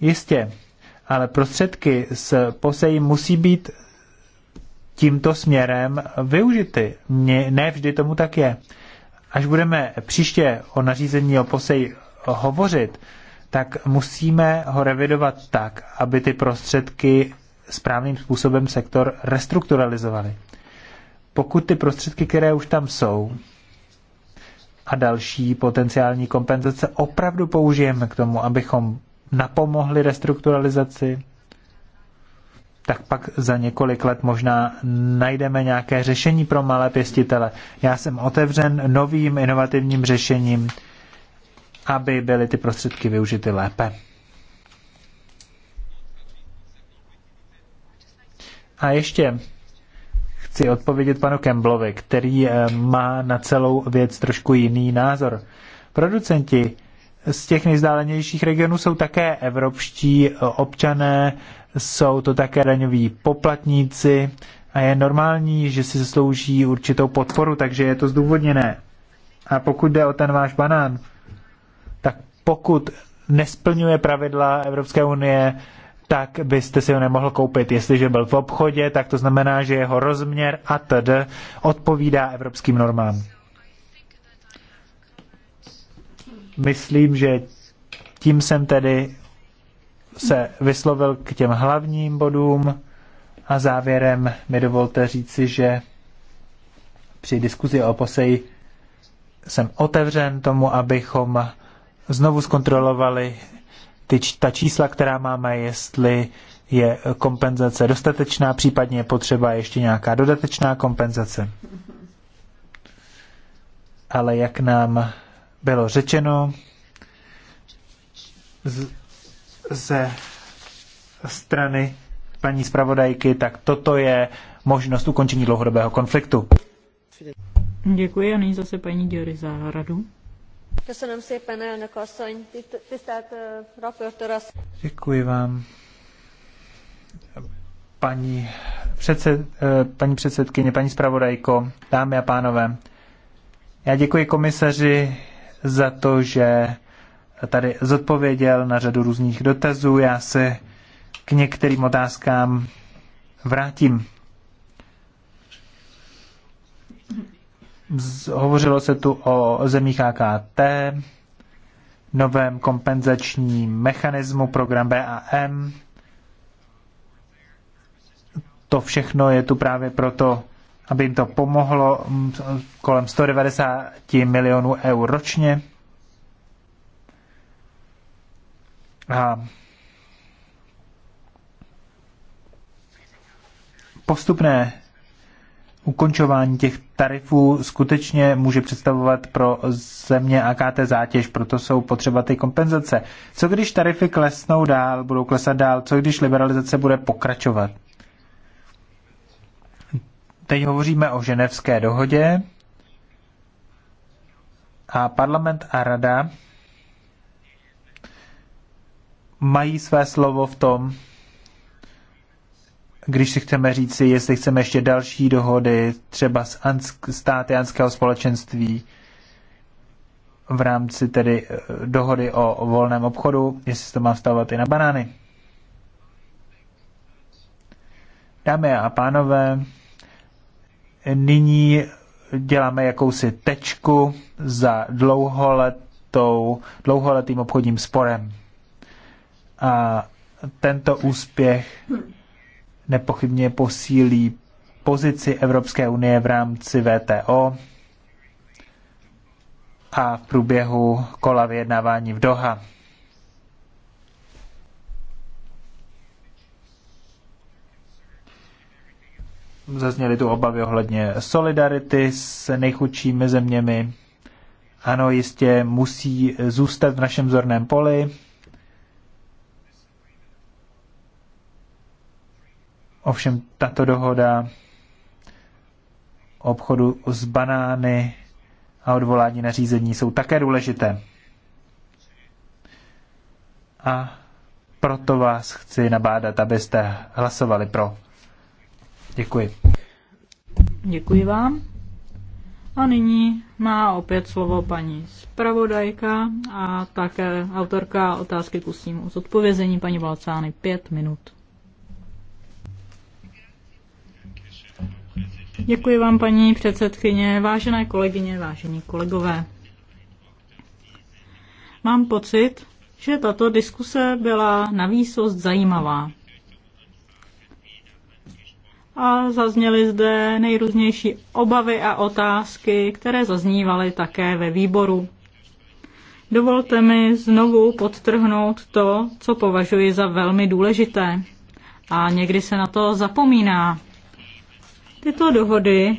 Jistě, ale prostředky z posejí musí být tímto směrem využity. Ne vždy tomu tak je. Až budeme příště o nařízení o posej hovořit, tak musíme ho revidovat tak, aby ty prostředky správným způsobem sektor restrukturalizovali. Pokud ty prostředky, které už tam jsou, a další potenciální kompenzace opravdu použijeme k tomu, abychom napomohli restrukturalizaci, tak pak za několik let možná najdeme nějaké řešení pro malé pěstitele. Já jsem otevřen novým inovativním řešením, aby byly ty prostředky využity lépe. A ještě chci odpovědět panu Kemblovi, který eh, má na celou věc trošku jiný názor. Producenti z těch nejzdálenějších regionů jsou také evropští občané, jsou to také daňoví poplatníci a je normální, že si zaslouží určitou podporu, takže je to zdůvodněné. A pokud jde o ten váš banán, tak pokud nesplňuje pravidla Evropské unie, tak byste si ho nemohl koupit. Jestliže byl v obchodě, tak to znamená, že jeho rozměr a td. odpovídá evropským normám. Myslím, že tím jsem tedy se vyslovil k těm hlavním bodům a závěrem mi dovolte říci, že při diskuzi o posej jsem otevřen tomu, abychom znovu zkontrolovali ty, ta čísla, která máme, jestli je kompenzace dostatečná, případně je potřeba ještě nějaká dodatečná kompenzace. Ale jak nám bylo řečeno, z, ze strany paní zpravodajky, tak toto je možnost ukončení dlouhodobého konfliktu. Děkuji a nyní zase paní Děry za radu. Děkuji vám. Paní, předsed, paní předsedkyně, paní zpravodajko, dámy a pánové, já děkuji komisaři za to, že tady zodpověděl na řadu různých dotazů. Já se k některým otázkám vrátím. Hovořilo se tu o zemích AKT, novém kompenzačním mechanismu program BAM. To všechno je tu právě proto, aby jim to pomohlo mm, kolem 190 milionů eur ročně. A postupné ukončování těch tarifů skutečně může představovat pro země AKT zátěž, proto jsou potřeba ty kompenzace. Co když tarify klesnou dál, budou klesat dál, co když liberalizace bude pokračovat? Teď hovoříme o ženevské dohodě a parlament a rada mají své slovo v tom, když si chceme říci, jestli chceme ještě další dohody, třeba s Ansk- státy Anského společenství, v rámci tedy eh, dohody o volném obchodu, jestli se to má vstavovat i na banány. Dámy a pánové, nyní děláme jakousi tečku za dlouholetou, dlouholetým obchodním sporem. A tento úspěch nepochybně posílí pozici Evropské unie v rámci VTO a v průběhu kola vyjednávání v Doha. Zazněly tu obavy ohledně solidarity s nejchudšími zeměmi. Ano, jistě musí zůstat v našem zorném poli, Ovšem tato dohoda obchodu s banány a odvolání na řízení jsou také důležité. A proto vás chci nabádat, abyste hlasovali pro. Děkuji. Děkuji vám. A nyní má opět slovo paní zpravodajka a také autorka otázky k ústnímu zodpovězení paní Balcány pět minut. Děkuji vám, paní předsedkyně, vážené kolegyně, vážení kolegové. Mám pocit, že tato diskuse byla na výsost zajímavá. A zazněly zde nejrůznější obavy a otázky, které zaznívaly také ve výboru. Dovolte mi znovu podtrhnout to, co považuji za velmi důležité. A někdy se na to zapomíná, Tyto dohody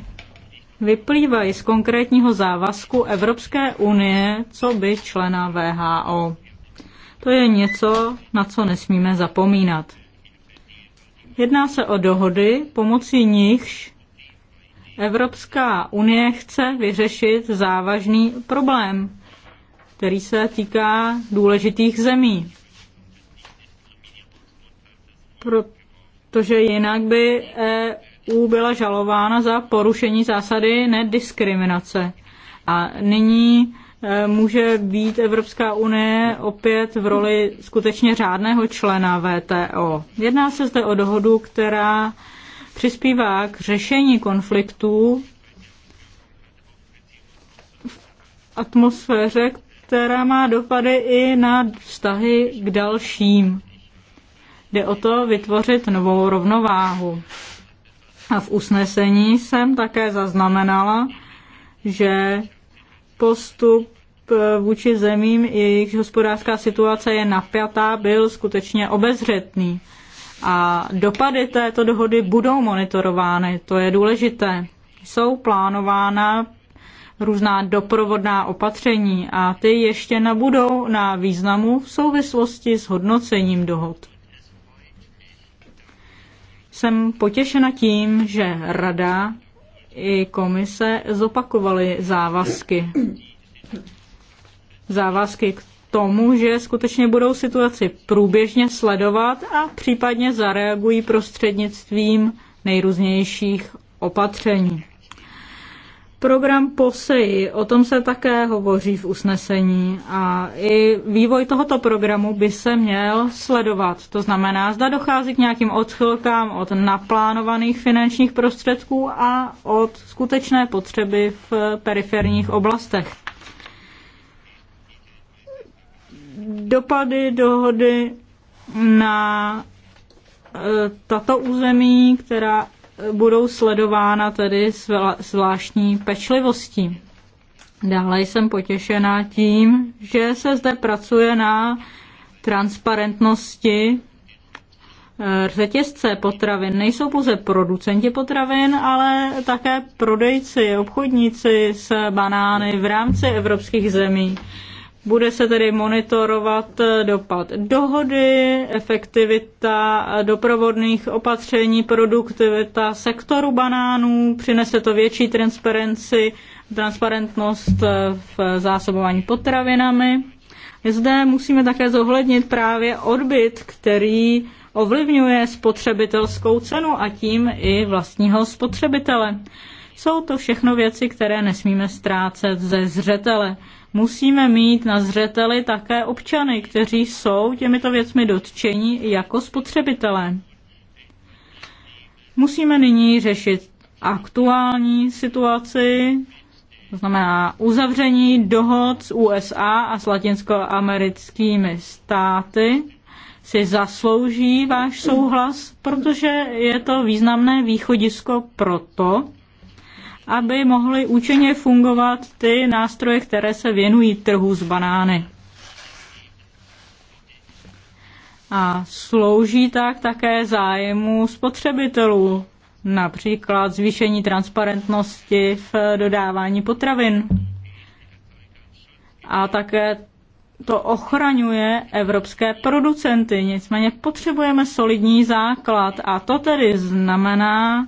vyplývají z konkrétního závazku Evropské unie, co by člena VHO. To je něco, na co nesmíme zapomínat. Jedná se o dohody, pomocí nichž Evropská unie chce vyřešit závažný problém, který se týká důležitých zemí. Protože jinak by EU byla žalována za porušení zásady nediskriminace. A nyní e, může být Evropská unie opět v roli skutečně řádného člena VTO. Jedná se zde o dohodu, která přispívá k řešení konfliktů v atmosféře, která má dopady i na vztahy k dalším. Jde o to vytvořit novou rovnováhu. A v usnesení jsem také zaznamenala, že postup eh, vůči zemím, jejichž hospodářská situace je napjatá, byl skutečně obezřetný. A dopady této dohody budou monitorovány, to je důležité. Jsou plánována různá doprovodná opatření a ty ještě nabudou na významu v souvislosti s hodnocením dohod. Jsem potěšena tím, že Rada i komise zopakovaly závazky. Závazky k tomu, že skutečně budou situaci průběžně sledovat a případně zareagují prostřednictvím nejrůznějších opatření. Program POSEI, o tom se také hovoří v usnesení a i vývoj tohoto programu by se měl sledovat. To znamená, zda dochází k nějakým odchylkám od naplánovaných finančních prostředků a od skutečné potřeby v periferních oblastech. Dopady dohody na e, tato území, která budou sledována tedy zvláštní pečlivostí. Dále jsem potěšená tím, že se zde pracuje na transparentnosti eh, řetězce potravin. Nejsou pouze producenti potravin, ale také prodejci, obchodníci s banány v rámci evropských zemí. Bude se tedy monitorovat eh, dopad dohody, efektivita eh, doprovodných opatření, produktivita sektoru banánů, přinese to větší transparenci, transparentnost eh, v zásobování potravinami. Zde musíme také zohlednit právě odbyt, který ovlivňuje spotřebitelskou cenu a tím i vlastního spotřebitele. Jsou to všechno věci, které nesmíme ztrácet ze zřetele musíme mít na zřeteli také občany, kteří jsou těmito věcmi dotčeni jako spotřebitelé. Musíme nyní řešit aktuální situaci, to znamená uzavření dohod s USA a s latinskoamerickými státy, si zaslouží váš souhlas, protože je to významné východisko pro to, aby mohly účinně fungovat ty nástroje, které se věnují trhu s banány. A slouží tak také zájmu spotřebitelů, například zvýšení transparentnosti v dodávání potravin. A také to ochraňuje evropské producenty. Nicméně potřebujeme solidní základ a to tedy znamená,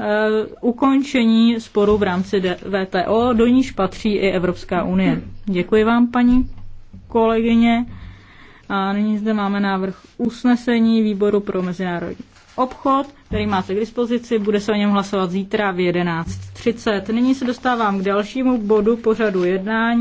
Eh, ukončení sporu v rámci VTO, do níž patří i Evropská unie. Děkuji vám, paní kolegyně. A nyní zde máme návrh usnesení výboru pro mezinárodní obchod, který máte k dispozici. Bude se o něm hlasovat zítra v 11.30. Nyní se dostávám k dalšímu bodu pořadu jednání.